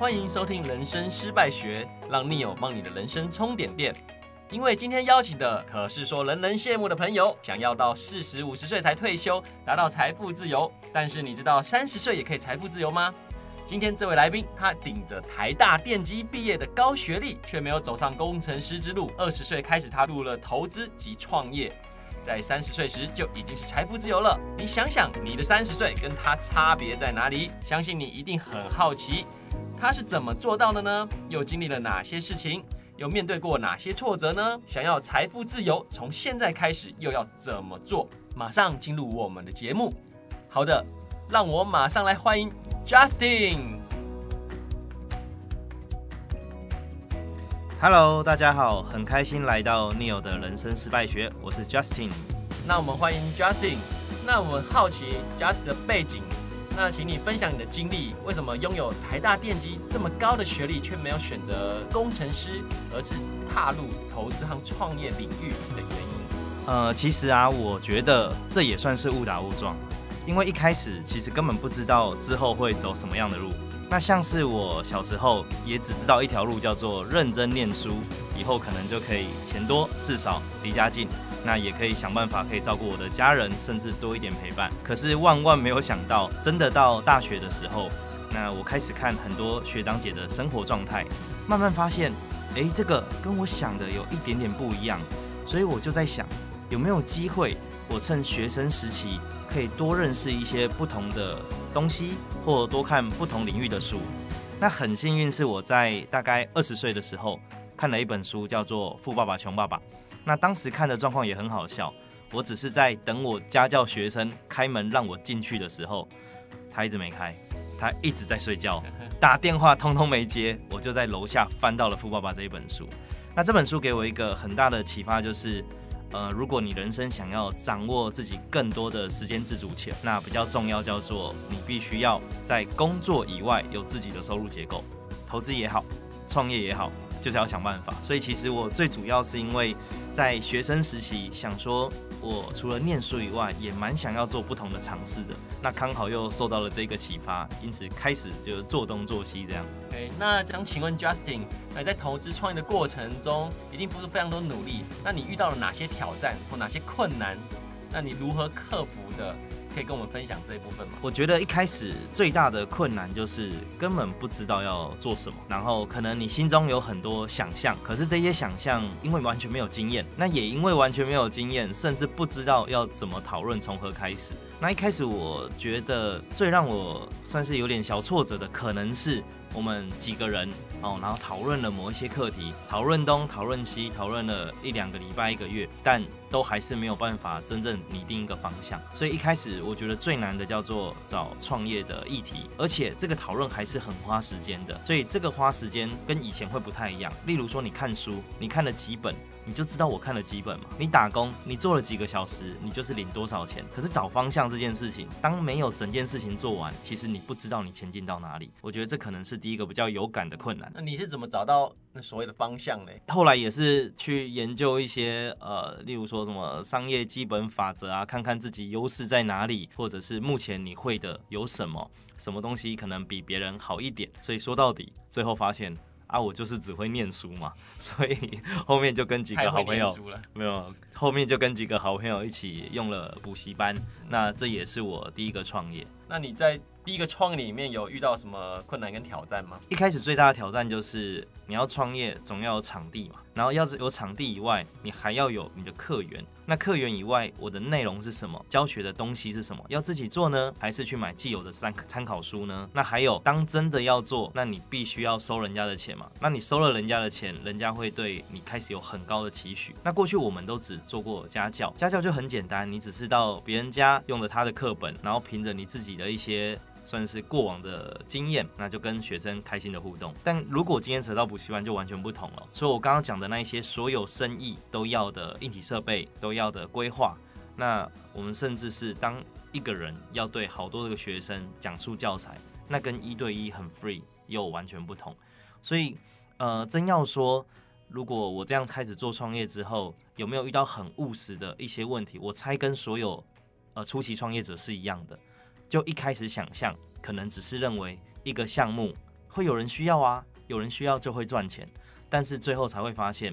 歡迎收聽《人生失敗學》，讓 Neo 幫你的人生充點電。因為今天邀請的可是說人人羨慕的朋友，想要到四十五十歲才退休，達到財富自由。但是你知道三十歲也可以財富自由嗎？今天這位來賓，他頂着台大電機畢業的高學歷，卻沒有走上工程師之路。二十歲開始踏入了投資及創業，在三十歲時就已經是財富自由了。你想想你的三十歲跟他差別在哪裡？相信你一定很好奇。他是怎麼做到的呢？又經歷了哪些事情？又面對過哪些挫折呢？想要財富自由，從現在開始又要怎麼做？馬上進入我們的節目。好的，讓我馬上來歡迎 Justin。Hello，大家好，很開心來到 Neo 的人生失敗學，我是 Justin。那我們歡迎 Justin。那我們好奇 Justin 的背景。那請你分享你的經歷，為什麼擁有台大電機這麼高的學歷，卻沒有選擇工程師，而是踏入投資和創業領域的原因？呃，其實啊，我覺得這也算是誤打誤撞，因為一開始其實根本不知道之後會走什麼樣的路。那像是我小時候也只知道一條路叫做認真念書，以後可能就可以錢多事少離家近。那也可以想辦法，可以照顧我的家人，甚至多一點陪伴。可是萬萬沒有想到，真的到大學的時候，那我開始看很多學長姐的生活狀態，慢慢發現，誒，這個跟我想的有一點點不一樣。所以我就在想，有沒有機會，我趁學生時期可以多認識一些不同的東西，或多看不同領域的書。那很幸運是我在大概二十歲的時候，看了一本書，叫做《富爸爸窮爸爸》。那當時看的狀況也很好笑，我只是在等我家教學生開門讓我進去的時候，他一直沒開，他一直在睡覺，打電話通通沒接，我就在樓下翻到了《富爸爸》這一本書。那這本書給我一個很大的啟發，就是，呃，如果你人生想要掌握自己更多的時間自主權，那比較重要叫做你必須要在工作以外有自己的收入結構，投資也好，創業也好，就是要想辦法。所以其實我最主要是因為在學生時期，想說我除了念書以外，也蠻想要做不同的嘗試的。那剛好又受到了這個啟發，因此開始就是做東做西這樣。OK，誒，那想請問 Justin，在投資創業的過程中，一定付出非常多努力。那你遇到了哪些挑戰或哪些困難？那你如何克服的？可以跟我們分享這一部分嗎？我覺得一開始最大的困難就是根本不知道要做什麼，然後可能你心中有很多想象，可是這些想象因為完全沒有經驗，那也因為完全沒有經驗，甚至不知道要怎麼討論從何開始。那一開始我覺得最讓我算是有點小挫折的，可能是我們幾個人。哦，然後討論了某一些課題，討論東，討論西，討論了一兩個禮拜、一個月，但都還是沒有辦法真正擬定一個方向。所以一開始我覺得最難的叫做找創業的議題，而且這個討論還是很花時間的。所以這個花時間跟以前會不太一樣。例如說，你看書，你看了幾本？你就知道我看了幾本嘛。你打工，你做了幾個小時，你就是領多少錢。可是找方向這件事情，當沒有整件事情做完，其實你不知道你前進到哪裡。我覺得這可能是第一個比較有感的困難。那你是怎麼找到那所謂的方向嘞？後來也是去研究一些呃，例如說什麼商業基本法則啊，看看自己優勢在哪裡，或者是目前你會的有什麼什麼東西，可能比別人好一點。所以說到底，最後發現，啊，我就是只會念書嘛，所以後面就跟幾個好朋友，沒有，後面就跟幾個好朋友一起用了補習班，那這也是我第一個創業。那你在第一個創業裡面有遇到什麼困難跟挑戰嗎？一開始最大的挑戰就是你要創業，總要有場地嘛。然後要是有場地以外，你還要有你的客源。那客源以外，我的內容是什麼？教學的東西是什麼？要自己做呢，還是去買既有的參參考書呢？那還有，當真的要做，那你必須要收人家的錢嘛。那你收了人家的錢，人家會對你開始有很高的期許。那過去我們都只做過家教，家教就很簡單，你只是到別人家用着他的課本，然後憑着你自己。的一些算是過往的經驗，那就跟學生開心的互動。但如果今天扯到補習班，就完全不同了。所以我剛剛講的那一些，所有生意都要的硬體設備，都要的規劃，那我們甚至是當一個人要對好多個學生講述教材，那跟一對一很 free 又完全不同。所以，呃，真要說，如果我這樣開始做創業之後，有沒有遇到很務實的一些問題？我猜跟所有呃初期創業者是一樣的。就一開始想象，可能只是認為一個項目會有人需要啊，有人需要就會賺錢，但是最後才會發現，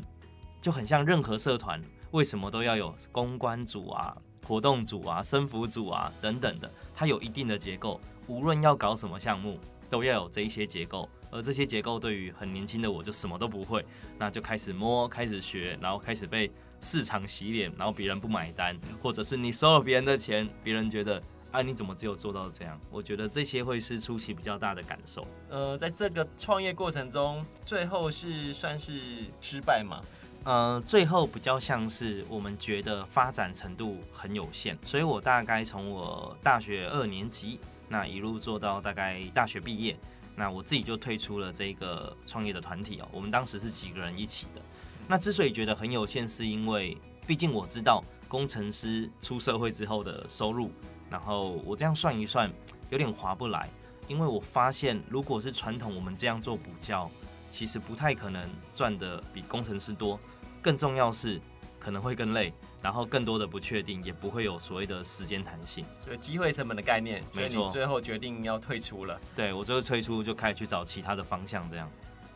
就很像任何社團，為什麼都要有公關組啊、活動組啊、生服組啊等等的，它有一定的結構，無論要搞什麼項目，都要有這一些結構。而這些結構對於很年輕的我，就什麼都不會，那就開始摸，開始學，然後開始被市場洗臉，然後別人不買單，或者是你收了別人的錢，別人覺得。啊！你怎麼只有做到這樣？我覺得這些會是初期比較大的感受。呃，在這個創業過程中，最後是算是失敗嗎？呃，最後比較像是我們覺得發展程度很有限，所以我大概從我大學二年級那一路做到大概大學畢業，那我自己就退出了這個創業的團體哦。我們當時是幾個人一起的。那之所以覺得很有限，是因為畢竟我知道工程師出社會之後的收入。然後我這樣算一算，有點划不來，因為我發現如果是傳統，我們這樣做補教，其實不太可能賺得比工程師多。更重要是，可能會更累，然後更多的不確定，也不會有所謂的時間彈性。所以機會成本的概念，所以、哦，你最後決定要退出了。對，我最後退出，就開始去找其他的方向。這樣，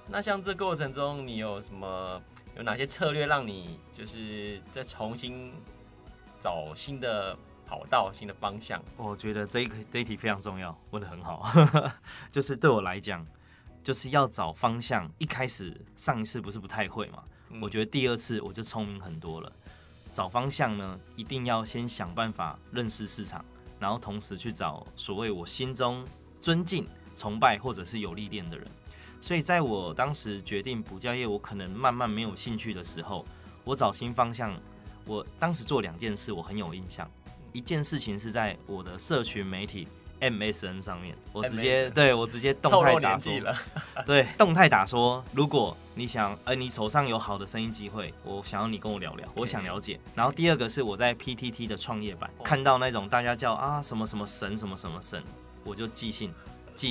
那像這過程中，你有什麼有哪些策略，讓你就是再重新找新的？找到新的方向，我覺得這一個這一題非常重要，問得很好。 就是對我來講，就是要找方向。一開始上一次不是不太會嘛，嗯、我覺得第二次我就聰明很多了。找方向呢，一定要先想辦法認識市場，然後同時去找所謂我心中尊敬、崇拜或者是有歷練的人。所以在我當時決定補教業，我可能慢慢沒有興趣的時候，我找新方向，我當時做兩件事，我很有印象。一件事情是在我的社群媒體 MSN 上面，我直接 MS N, 對，我直接動態打說，了 對，動態打說，如果你想，呃，你手上有好的生意機會，我想要你跟我聊聊，Okay. 我想了解。然後第二個是我在 PTT 的創業板 Okay. 看到那種大家叫啊什麼什麼神什麼什麼神，我就寄信。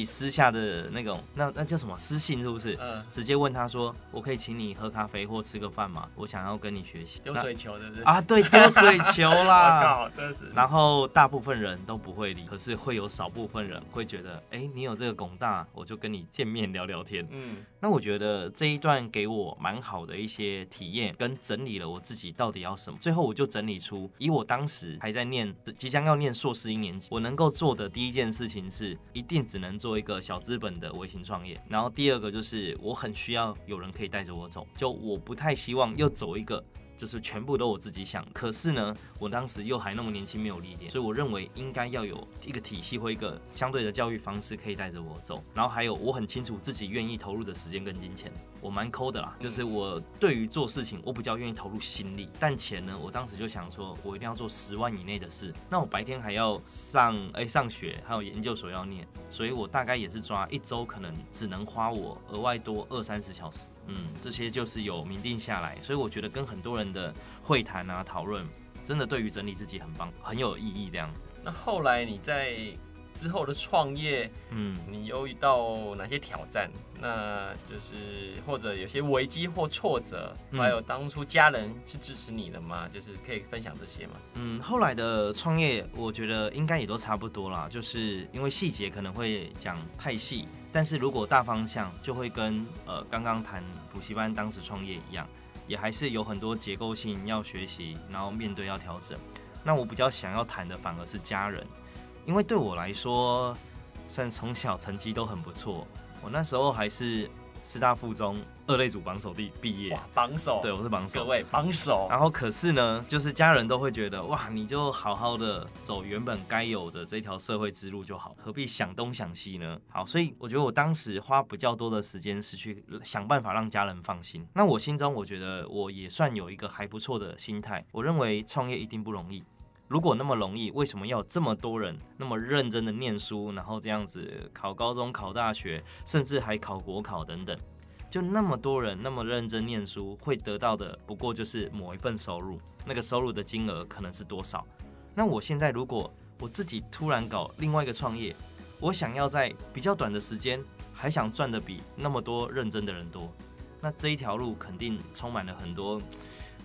私下的那種，那那叫什麼？私信是不是？嗯，直接問他說，我可以請你喝咖啡或吃個飯嗎？我想要跟你學習丟水球的、這個， 啊，對，丟水球啦。 我靠，真是。然後大部分人都不會理，可是會有少部分人會覺得，哎、欸，你有這個拱大，我就跟你見面聊聊天。嗯，那我覺得這一段給我蠻好的一些體驗，跟整理了我自己到底要什麼。最後我就整理出，以我當時還在念，即將要念碩士一年級，我能夠做的第一件事情是，一定只能。做一個小資本的微型創業，然後第二個就是我很需要有人可以帶着我走，就我不太希望又走一個，就是全部都我自己想。可是呢，我當時又還那麼年輕沒有歷練，所以我認為應該要有一個體系或一個相對的教育方式可以帶着我走。然後還有，我很清楚自己願意投入的時間跟金錢。我蠻摳的啦，就是我對於做事情，我比較願意投入心力。但錢呢，我當時就想說，我一定要做十萬以內的事。那我白天還要上誒、欸，上學，還有研究所要念，所以我大概也是抓一周，可能只能花我額外多二三十小時。嗯，這些就是有明定下來。所以我覺得跟很多人的會談啊、討論，真的對於整理自己很棒很有意義這樣。那後來你在？之後的創業，嗯，你又遇到哪些挑戰？那就是或者有些危機或挫折，嗯，還有當初家人是支持你的嗎？就是可以分享這些嗎？嗯，後來的創業，我覺得應該也都差不多啦，就是因為細節可能會講太細，但是如果大方向就會跟呃剛剛談補習班當時創業一樣，也還是有很多結構性要學習，然後面對要調整。那我比較想要談的反而是家人。因為對我來說，算從小成績都很不錯。我那時候還是師大附中二類組榜首的畢業，哇，榜首，對，我是榜首。各位榜首。然後可是呢，就是家人都會覺得，哇，你就好好的走原本該有的這條社會之路就好，何必想東想西呢？好，所以我覺得我當時花比較多的時間是去想辦法讓家人放心。那我心中我覺得我也算有一個還不錯的心態。我認為創業一定不容易。如果那麼容易，為什麼要這麼多人那麼認真的念書，然後這樣子考高中、考大學，甚至還考國考等等？就那麼多人那麼認真念書，會得到的不過就是某一份收入，那個收入的金額可能是多少？那我現在如果我自己突然搞另外一個創業，我想要在比較短的時間還想賺得比那麼多認真的人多，那這一條路肯定充滿了很多，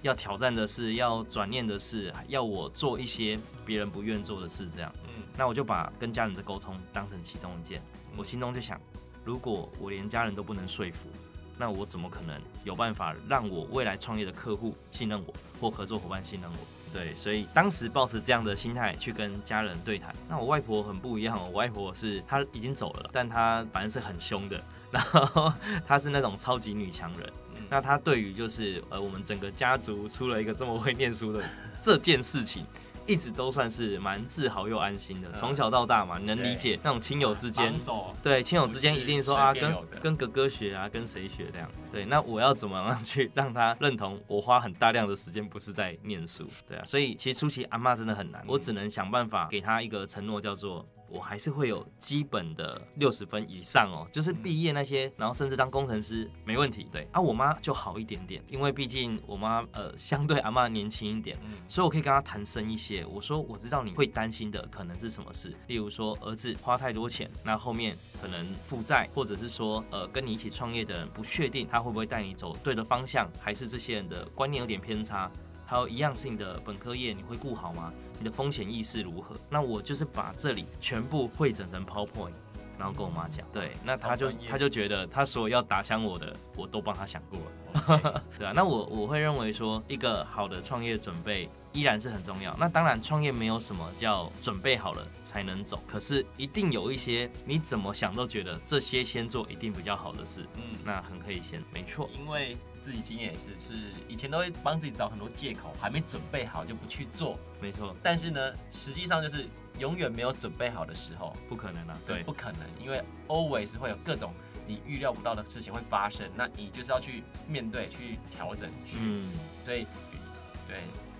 要挑戰的事，要轉念的事，要我做一些別人不願做的事，這樣。嗯，那我就把跟家人的溝通當成其中一件。我心中就想，如果我連家人都不能說服，那我怎麼可能有辦法讓我未來創業的客戶信任我或合作伙伴信任我？對，所以當時抱持這樣的心態去跟家人對談。那我外婆很不一樣，我外婆是她已經走了，但她反正是很凶的，然後她是那種超級女強人。那他對於就是呃，我們整個家族出了一個這麼會念書的這件事情，一直都算是蠻自豪又安心的。從小到大嘛，能理解那種親友之間，對親友之間一定說啊，跟跟哥哥學啊，跟誰學這樣。對，那我要怎麼樣去讓他認同我花很大量的時間不是在念書？對啊，所以其實初期阿媽真的很難，我只能想辦法給他一個承諾，叫做。我還是會有基本的六十分以上哦，就是畢業那些，然後甚至當工程師沒問題。對啊，我媽就好一點點，因為畢竟我媽呃相對阿嬤年輕一點，所以我可以跟她談深一些。我說我知道你會擔心的可能是什麼事，例如說兒子花太多錢，那後面可能負債，或者是說呃跟你一起創業的人不確定他會不會帶你走對的方向，還是這些人的觀念有點偏差。還有一樣性的本科業，你會顧好嗎？你的風險意識如何？那我就是把這裡全部匯整成 PowerPoint，然後跟我媽講。嗯、對，嗯、那他就他就覺得他所有要打槍我的，我都幫他想過了。Okay. 對啊，那我我會認為說一個好的創業準備依然是很重要。那當然創業沒有什麼叫準備好了才能走，可是一定有一些你怎麼想都覺得這些先做一定比較好的事。嗯，那很可以先。嗯、沒錯錯，因為。自己經驗也是，是以前都會幫自己找很多借口，還沒準備好就不去做，沒錯。但是呢，實際上就是永遠沒有準備好的時候，不可能啊，對，對，不可能，因為 always 會有各種你預料不到的事情會發生，那你就是要去面對、去調整、去，嗯、所以對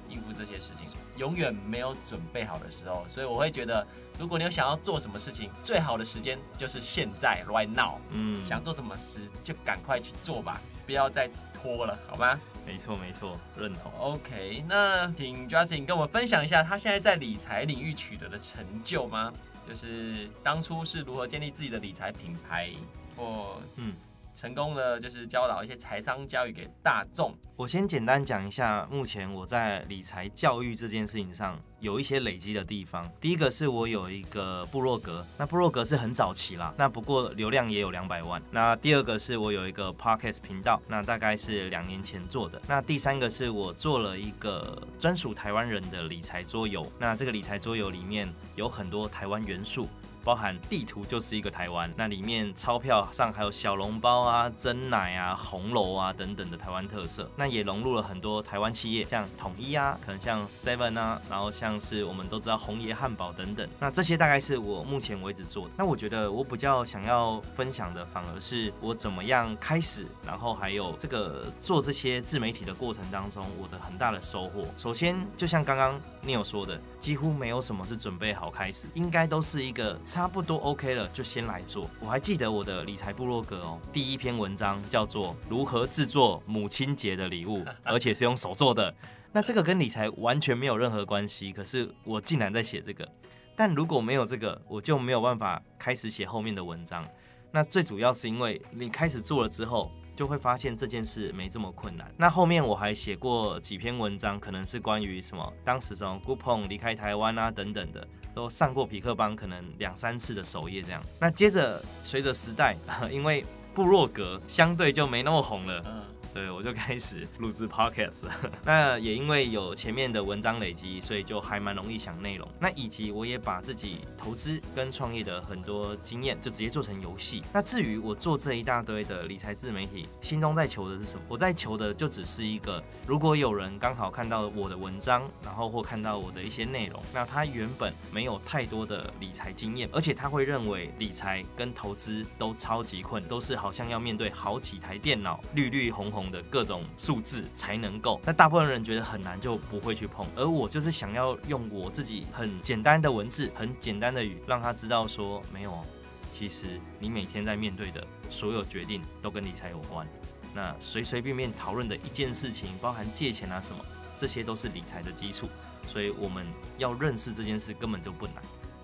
應付這些事情，永遠沒有準備好的時候。所以我會覺得，如果你有想要做什麼事情，最好的時間就是現在，right now。嗯，想做什麼事就趕快去做吧，不要再。拖了，好吧，沒錯沒錯，認同。OK，那請 Justin 跟我們分享一下他現在在理財領域取得的成就嗎？就是當初是如何建立自己的理財品牌？或嗯。成功的就是教導一些財商教育給大眾。我先簡單講一下，目前我在理財教育這件事情上有一些累積的地方。第一個是我有一個部落格，那部落格是很早期啦，那不過流量也有兩百萬。那第二個是我有一個 Podcast 頻道，那大概是兩年前做的。那第三個是我做了一個專屬台灣人的理財桌遊，那這個理財桌遊裡面有很多台灣元素。包含地圖就是一個台灣，那裡面鈔票上還有小籠包啊、珍奶啊、紅樓啊等等的台灣特色，那也融入了很多台灣企業，像統一啊，可能像 Seven 啊，然後像是我們都知道弘爺漢堡等等。那這些大概是我目前為止做的。那我覺得我比較想要分享的，反而是我怎麼樣開始，然後還有這個做這些自媒體的過程當中，我的很大的收穫。首先，就像剛剛你有說的。幾乎沒有什麼是準備好開始，應該都是一個差不多 OK 了，就先來做。我還記得我的理財部落格哦，第一篇文章叫做如何製作母親節的禮物，而且是用手做的。那這個跟理財完全沒有任何關係，可是我竟然在寫這個。但如果沒有這個，我就沒有辦法開始寫後面的文章。那最主要是因為你開始做了之後。就會發現這件事沒這麼困難。那後面我還寫過幾篇文章，可能是關於什麼當時什麼 Groupon 離開台灣啊等等的，都上過痞客邦可能兩三次的首頁這樣。那接着隨着時代，因為部落格相對就沒那麼紅了。嗯對，我就開始錄製 Podcast。Pod 那也因為有前面的文章累積，所以就還蠻容易想內容。那以及我也把自己投資跟創業的很多經驗，就直接做成遊戲。那至於我做這一大堆的理財自媒體，心中在求的是什麼？我在求的就只是一個，如果有人剛好看到我的文章，然後或看到我的一些內容，那他原本沒有太多的理財經驗，而且他會認為理財跟投資都超級困，都是好像要面對好幾台電腦，綠綠紅紅。的各種數字才能夠，那大部分人覺得很難，就不會去碰。而我就是想要用我自己很簡單的文字、很簡單的語，讓他知道說，沒有，其實你每天在面對的所有決定都跟理財有關。那隨隨便便討論的一件事情，包含借錢啊什麼，這些都是理財的基礎。所以我們要認識這件事根本就不難，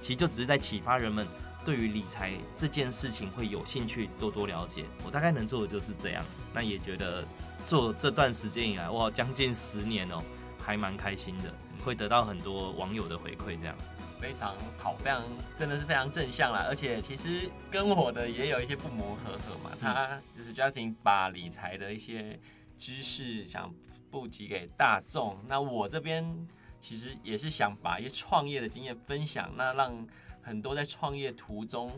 其實就只是在啟發人們。對於理財這件事情會有興趣多多了解，我大概能做的就是這樣。那也覺得做這段時間以來，哇，將近十年哦，還蠻開心的，會得到很多網友的回饋，這樣非常好，非常真的是非常正向啦。而且其實跟我的也有一些不謀而合嘛，他就是 Justin 把理財的一些知識想普及給大眾，那我這邊其實也是想把一些創業的經驗分享，那讓。很多在創業途中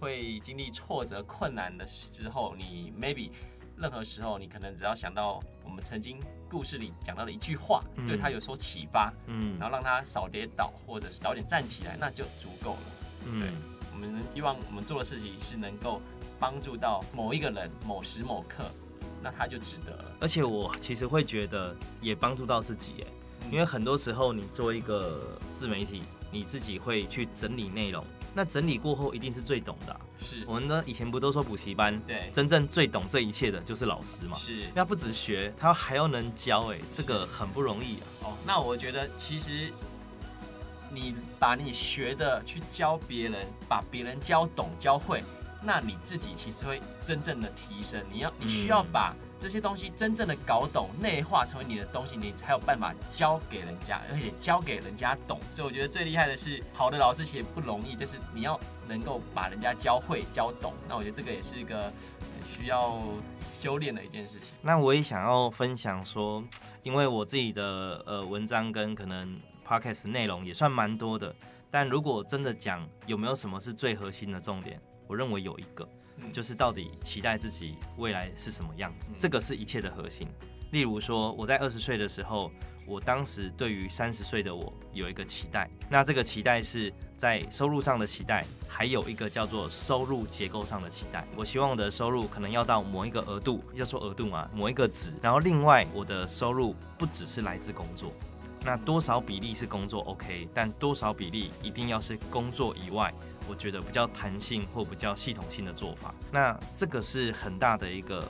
會經歷挫折、困難的時候，你 maybe 任何時候，你可能只要想到我們曾經故事裡講到的一句話，嗯、對他有所啟發，嗯，然後讓他少跌倒，或者是早點站起來，那就足夠了。嗯對，我們希望我們做的事情是能夠幫助到某一個人、某時某刻，那他就值得了。而且我其實會覺得也幫助到自己，耶，嗯、因為很多時候你做一個自媒體。你自己會去整理內容，那整理過後一定是最懂的、啊。是，我們呢以前不都說補習班？對，真正最懂這一切的就是老師嘛。是，要不止學，他還要能教、欸，哎，這個很不容易、啊。哦，那我覺得其實你把你學的去教別人，把別人教懂教會。那你自己其實會真正的提升，你要你需要把這些東西真正的搞懂、內化成為你的東西，你才有辦法教給人家，而且教給人家懂。所以我覺得最厲害的是，好的老師其實不容易，就是你要能夠把人家教會、教懂。那我覺得這個也是一個需要修煉的一件事情。那我也想要分享說，因為我自己的呃文章跟可能 podcast 內容也算蠻多的，但如果真的講有沒有什麼是最核心的重點？我認為有一個，就是到底期待自己未來是什麼樣子，這個是一切的核心。例如說，我在二十歲的時候，我當時對於三十歲的我有一個期待，那這個期待是在收入上的期待，還有一個叫做收入結構上的期待。我希望我的收入可能要到某一個額度，要說額度啊，某一個值。然後另外我的收入不只是來自工作，那多少比例是工作 OK，但多少比例一定要是工作以外。我覺得比較彈性或比較系統性的做法，那這個是很大的一個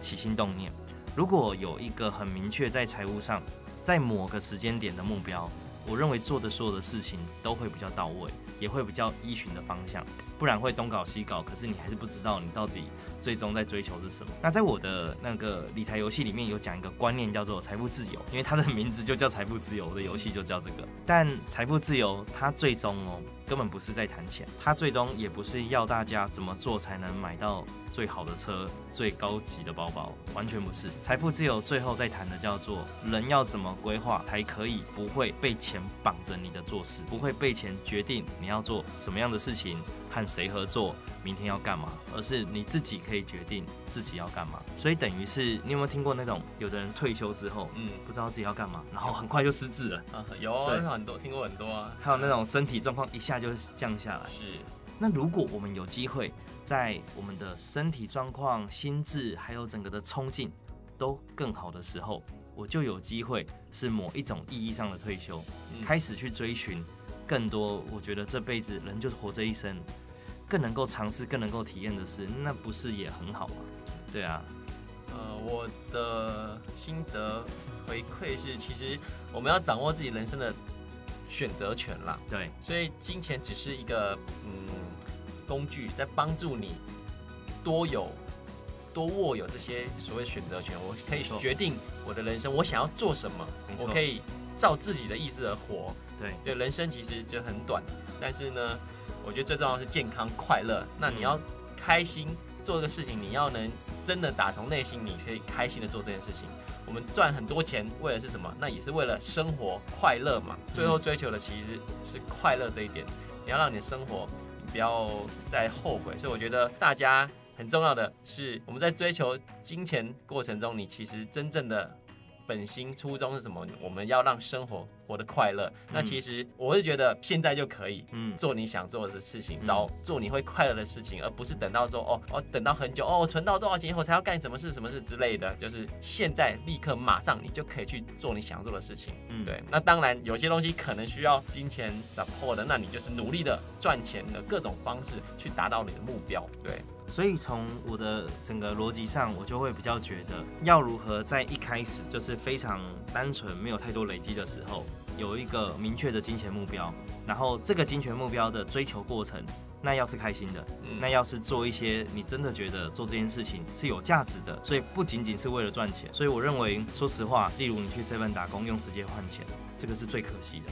起心動念。如果有一個很明確在財務上，在某個時間點的目標，我認為做的所有的事情都會比較到位，也會比較依循的方向。不然會東搞西搞，可是你還是不知道你到底最終在追求是什麼。那在我的那個理財遊戲裡面有講一個觀念叫做財富自由，因為它的名字就叫財富自由，我的遊戲就叫這個。但財富自由它最終哦，根本不是在談錢，他最終也不是要大家怎麼做才能買到最好的車、最高級的包包，完全不是。財富自由最後在談的叫做人要怎麼規劃才可以不會被錢綁着你的做事，不會被錢決定你要做什麼樣的事情和誰合作，明天要幹嘛，而是你自己可以決定自己要幹嘛。所以等於是你有沒有聽過那種有的人退休之後，嗯，不知道自己要幹嘛，然後很快就失智了啊？有，很多對聽過很多啊，還有那種身體狀況一下。就降下來是。那如果我們有機會，在我們的身體狀況、心智還有整個的衝勁都更好的時候，我就有機會是某一種意義上的退休，嗯、開始去追尋更多。我覺得這輩子人就是活這一生，更能夠嘗試、更能夠體驗的事，那不是也很好嗎？啊？對啊。呃，我的心得回饋是，其實我們要掌握自己人生的。選擇權啦，對，所以金錢只是一個嗯工具，在幫助你多有多握有這些所謂選擇權。我可以決定我的人生，我想要做什麼，沒錯 我可以照自己的意思而活。對，人生其實就很短，但是呢，我覺得最重要的是健康快樂。那你要開心，做這個事情，嗯、你要能真的打從內心你可以開心的做這件事情。我們賺很多錢，為的是什麼？那也是為了生活快樂嘛。最後追求的其實是快樂這一點。你要讓你的生活不要再後悔，所以我覺得大家很重要的是，我們在追求金錢過程中，你其實真正的。本心初衷是什麼？我們要讓生活活得快樂。那其實我是覺得現在就可以，嗯，做你想做的事情，找做你會快樂的事情，而不是等到說哦，哦，等到很久，哦，我存到多少錢以後才要幹什麼事，什麼事之類的。就是現在立刻馬上，你就可以去做你想做的事情。對。那當然，有些東西可能需要金錢 support 的，那你就是努力的賺錢的各種方式去達到你的目標。對。所以從我的整個邏輯上，我就會比較覺得，要如何在一開始就是非常單純、沒有太多累積的時候，有一個明確的金錢目標，然後這個金錢目標的追求過程，那要是開心的，那要是做一些你真的覺得做這件事情是有價值的，所以不僅僅是為了賺錢。所以我認為，說實話，例如你去 Seven 打工用時間換錢，這個是最可惜的，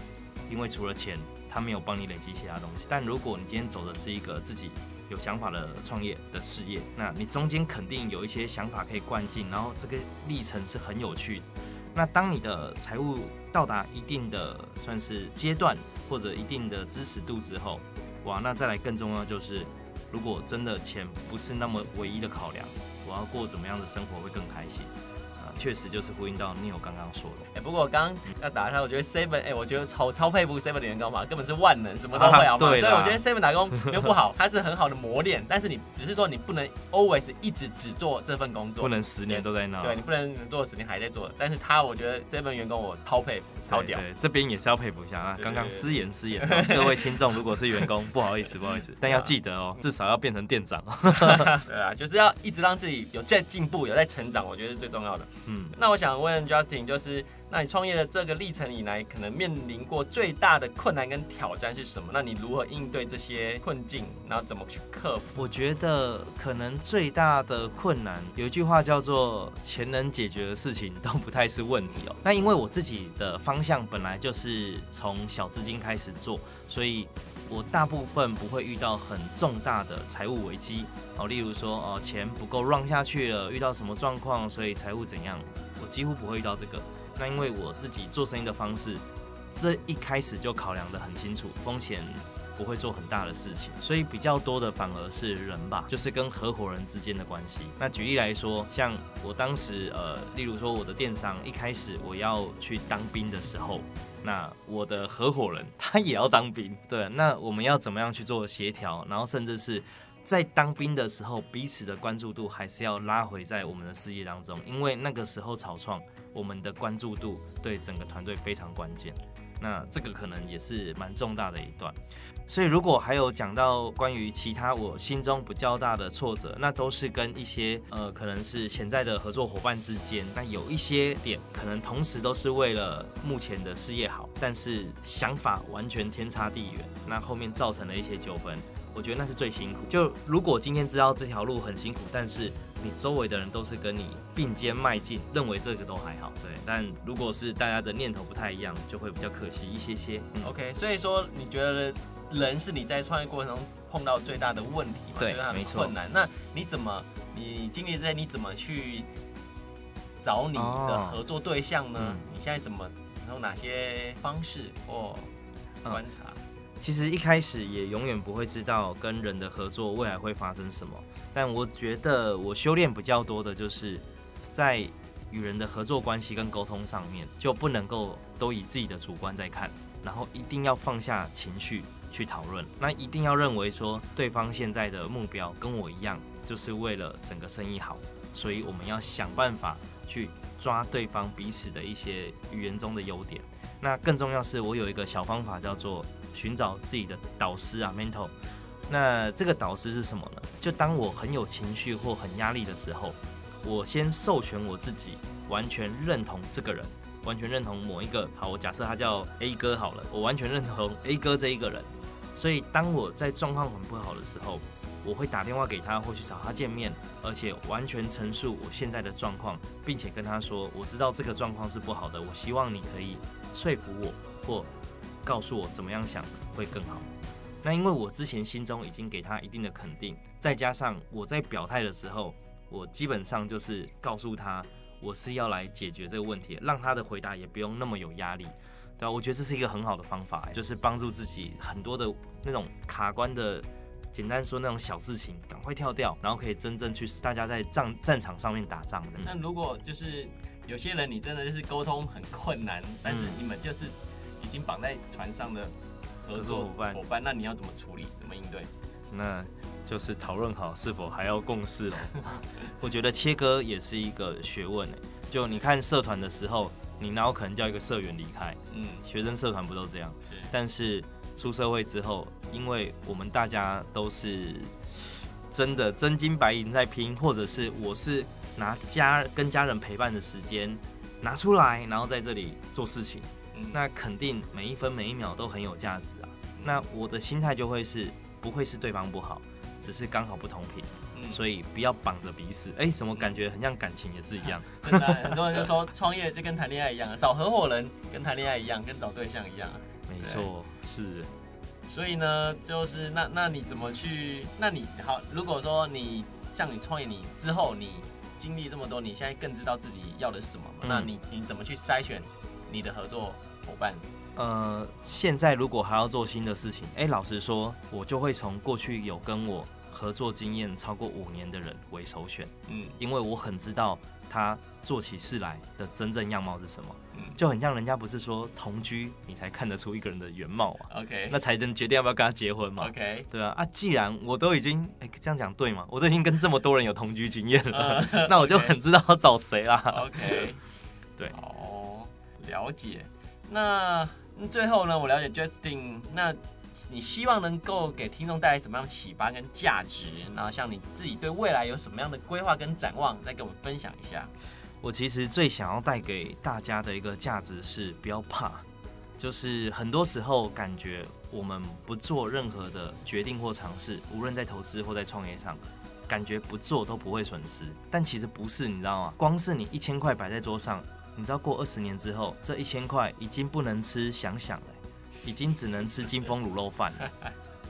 因為除了錢，他沒有幫你累積其他東西。但如果你今天走的是一個自己有想法的創業的事業，那你中間肯定有一些想法可以灌進，然後這個歷程是很有趣的。那當你的財務到達一定的算是階段或者一定的支持度之後，哇，那再來更重要就是，如果真的錢不是那麼唯一的考量，我要過怎麼樣的生活會更開心？確實就是呼應到 Neo 剛剛說的。哎、欸，不過我剛，剛要打開，我覺得 Seven 哎、欸，我覺得超超佩服 Seven 的員工嘛，根本是萬能，什麼都會啊。啊對，所以我覺得 Seven 打工又不好， 他是很好的磨練。但是你只是說你不能 always 一直只做這份工作，不能十年都在那，哦。對，你不能做十年還在做。但是他我覺得 Seven 員工我超佩服，超屌。對，對，這邊也是要佩服一下啊。剛剛失言失言，對對對對，各位聽眾如果是員工， 不好意思不好意思，但要記得哦，至少要變成店長。 對啊，就是要一直讓自己有在進步，有在成長，我覺得是最重要的。嗯，那我想問 Justin，就是那你創業的這個歷程以來，可能面臨過最大的困難跟挑戰是什麼？那你如何應對這些困境，然後怎麼去克服？我覺得可能最大的困難，有一句話叫做“錢能解決的事情都不太是問題”哦。那因為我自己的方向本來就是從小資金開始做，所以。我大部分不會遇到很重大的財務危機，好，例如說，哦，錢不夠 run 下去了，遇到什麼狀況，所以財務怎樣，我幾乎不會遇到這個。那因為我自己做生意的方式，這一開始就考量得很清楚，風險不會做很大的事情，所以比較多的反而是人吧，就是跟合夥人之間的關係。那舉例來說，像我當時，呃，例如說我的電商一開始我要去當兵的時候。那我的合夥人他也要當兵，對啊，那我們要怎麼樣去做協調？然後甚至是在當兵的時候，彼此的關注度還是要拉回在我們的事業當中，因為那個時候草創，我們的關注度對整個團隊非常關鍵。那這個可能也是蠻重大的一段，所以如果還有講到關於其他我心中比較大的挫折，那都是跟一些呃可能是潛在的合作夥伴之間，但有一些點可能同時都是為了目前的事業好，但是想法完全天差地遠，那後面造成了一些糾紛。我覺得那是最辛苦。就如果今天知道這條路很辛苦，但是你周圍的人都是跟你並肩邁進，認為這個都還好，對。但如果是大家的念頭不太一樣，就會比較可惜一些些。嗯，OK，所以說，你覺得人是你在創業過程中碰到最大的問題嗎？對，沒錯。困難。那你怎麼，你經歷這些，你怎麼去找你的合作對象呢？哦，嗯，你現在怎麼用哪些方式或觀察？嗯其實一開始也永遠不會知道跟人的合作未來會發生什麼，但我覺得我修煉比較多的就是在與人的合作關係跟溝通上面，就不能夠都以自己的主觀在看，然後一定要放下情緒去討論，那一定要認為說對方現在的目標跟我一樣，就是為了整個生意好，所以我們要想辦法去抓對方彼此的一些語言中的優點。那更重要的是，我有一個小方法叫做。尋找自己的導師啊，mentor。那這個導師是什麼呢？就當我很有情緒或很壓力的時候，我先授權我自己，完全認同這個人，完全認同某一個。好，我假設他叫 A 哥好了，我完全認同 A 哥這一個人。所以當我在狀況很不好的時候，我會打電話給他或去找他見面，而且完全陳述我現在的狀況，並且跟他說，我知道這個狀況是不好的，我希望你可以說服我或。告訴我怎麼樣想會更好。那因為我之前心中已經給他一定的肯定，再加上我在表態的時候，我基本上就是告訴他，我是要來解決這個問題，讓他的回答也不用那麼有壓力，對啊，我覺得這是一個很好的方法欸，就是幫助自己很多的那種卡關的，簡單說那種小事情，趕快跳掉，然後可以真正去大家在戰戰場上面打仗。嗯。那如果就是有些人你真的就是溝通很困難，但是你們就是。已經綁在船上的合作夥伴合作夥伴，那你要怎麼處理？怎麼應對？那就是討論好是否還要共事了。 我覺得切割也是一個學問誒。就你看社團的時候，你哪有可能叫一個社員離開，嗯，學生社團不都這樣？是。但是出社會之後，因為我們大家都是真的真金白銀在拼，或者是我是拿家跟家人陪伴的時間拿出來，然後在這裡做事情。嗯、那肯定每一分每一秒都很有價值啊！那我的心態就會是，不會是對方不好，只是剛好不同頻，嗯、所以不要綁着彼此。哎、欸，什麼感覺？很像感情也是一樣。真的，很多人就說創業就跟談戀愛一樣，找合夥人跟談戀愛一樣，跟找對象一樣。對沒錯，是。所以呢，就是那那你怎麼去？那你好，如果說你像你創業你，你之後你經歷這麼多，你現在更知道自己要的是什麼嘛？嗯、那你你怎麼去篩選你的合作？夥伴，呃，現在如果還要做新的事情，哎、欸，老實說，我就會從過去有跟我合作經驗超過五年的人為首選，嗯，因為我很知道他做起事來的真正樣貌是什麼，嗯，就很像人家不是說同居你才看得出一個人的原貌啊，OK，那才能決定要不要跟他結婚嘛，OK，對啊，啊，既然我都已經，哎、欸，這樣講對嘛，我都已經跟這麼多人有同居經驗了，uh, OK， 那我就很知道找誰啦，OK， 對，哦，oh, 了解。那最後呢？我了解 Justin，那你希望能夠給聽眾帶來什麼樣的啟發跟價值？然後像你自己對未來有什麼樣的規劃跟展望，再跟我們分享一下。我其實最想要帶給大家的一個價值是不要怕，就是很多時候感覺我們不做任何的決定或嘗試，無論在投資或在創業上，感覺不做都不會損失，但其實不是，你知道嗎？光是你一千塊擺在桌上。你知道，過二十年之後，這一千塊已經不能吃想想了，已經只能吃金峰滷肉飯了。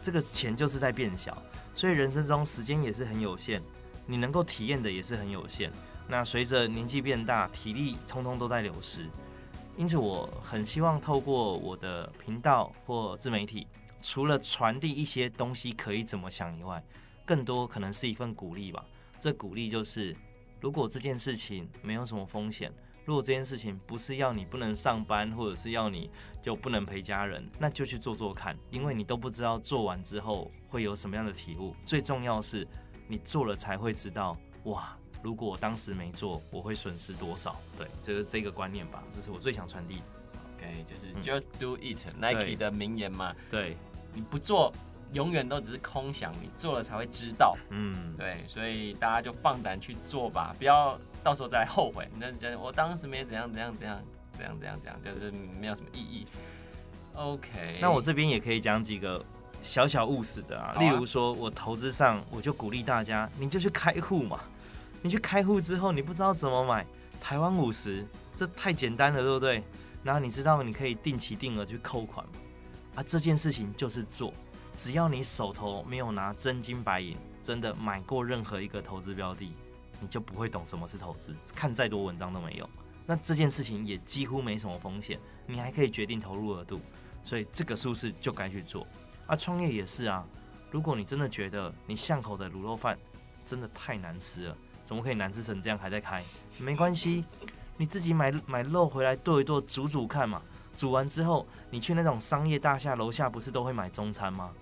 這個錢就是在變小，所以人生中時間也是很有限，你能夠體驗的也是很有限。那隨着年紀變大，體力通通都在流失，因此我很希望透過我的頻道或自媒體，除了傳遞一些東西可以怎麼想以外，更多可能是一份鼓勵吧。這鼓勵就是，如果這件事情沒有什麼風險。如果這件事情不是要你不能上班，或者是要你就不能陪家人，那就去做做看，因為你都不知道做完之後會有什麼樣的體悟。最重要是，你做了才會知道，哇！如果我當時沒做，我會損失多少？對，這、就是這個觀念吧，這是我最想傳遞的。OK，就是 Just Do It，Nike、嗯、的名言嘛。對，你不做，永遠都只是空想；你做了才會知道。嗯，對，所以大家就放膽去做吧，不要。到時候再後悔，那你覺得我當時沒怎樣怎樣怎樣怎樣怎樣講，就是沒有什麼意義。OK，那我這邊也可以講幾個小小務實的啊，啊例如說我投資上，我就鼓勵大家，你就去開戶嘛。你去開戶之後，你不知道怎麼買台灣五十，這太簡單了，對不對？然後你知道你可以定期定額去扣款嘛，啊，這件事情就是做，只要你手頭沒有拿真金白銀，真的買過任何一個投資標的。你就不會懂什麼是投資，看再多文章都沒有。那這件事情也幾乎沒什麼風險，你還可以決定投入額度，所以這個是不是就該去做。啊，創業也是啊。如果你真的覺得你巷口的滷肉飯真的太難吃了，怎麼可以難吃成這樣還在開？沒關係，你自己買買肉回來剁一剁煮煮看嘛。煮完之後，你去那種商業大廈樓下不是都會買中餐嗎？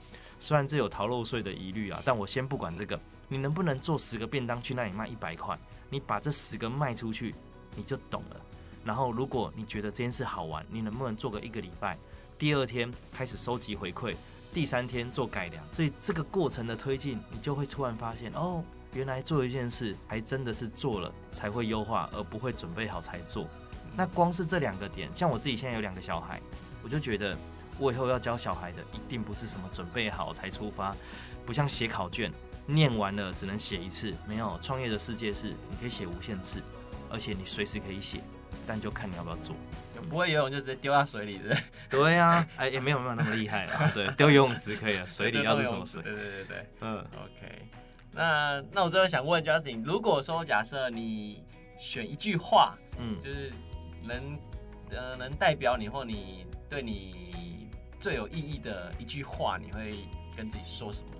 雖然這有逃漏稅的疑慮啊，但我先不管這個。你能不能做十個便當去那裡賣一百塊？你把這十個賣出去，你就懂了。然後，如果你覺得這件事好玩，你能不能做個一個禮拜？第二天開始收集回饋，第三天做改良。所以這個過程的推進，你就會突然發現，哦，原來做一件事還真的是做了才會優化，而不會準備好才做。那光是這兩個點，像我自己現在有兩個小孩，我就覺得我以後要教小孩的，一定不是什麼準備好才出發，不像寫考卷。念完了只能寫一次，沒有。創業的世界是你可以寫無限次，而且你隨時可以寫，但就看你要不要做。不會游泳就直接丟到水裡，對、啊。對、欸、呀，哎也沒有沒有那麼厲害啦， 對，丟游泳池可以，水裡要是什麼水？對對對對，嗯，OK 那。那那我最後想問 Justin，如果說假設你選一句話，嗯，就是能呃能代表你或你對你最有意義的一句話，你會跟自己說什麼？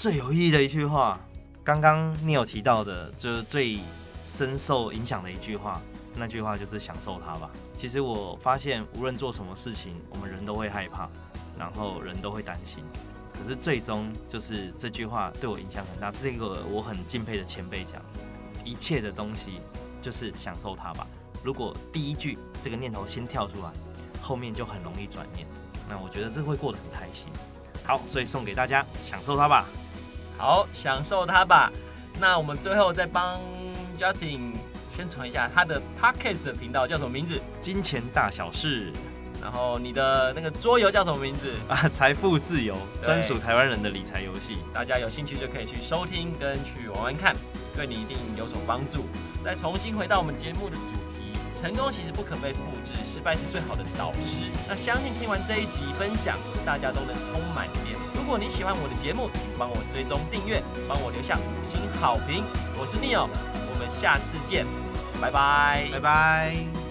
最有意義的一句話，剛剛你有提到的，就是最深受影響的一句話。那句話就是享受它吧。其實我發現，無論做什麼事情，我們人都會害怕，然後人都會擔心。可是最終就是這句話對我影響很大。這個我很敬佩的前輩講，一切的東西就是享受它吧。如果第一句這個念頭先跳出來，後面就很容易轉念。那我覺得這會過得很開心。好，所以送給大家，享受它吧。好，享受它吧。那我們最後再幫 Justin 宣傳一下他的 Podcast 的頻道叫什麼名字？金錢大小事。然後你的那個桌遊叫什麼名字？啊，財富自由，專對屬台灣人的理財遊戲。大家有興趣就可以去收聽跟去玩玩看，對你一定有所幫助。再重新回到我們節目的主題，成功其實不可被複製，失敗是最好的導師。那相信聽完這一集分享，大家都能充滿一點。如果你喜歡我的節目，請幫我追蹤訂閱，幫我留下五星好評。我是 Neo，我們下次見，拜拜，拜拜。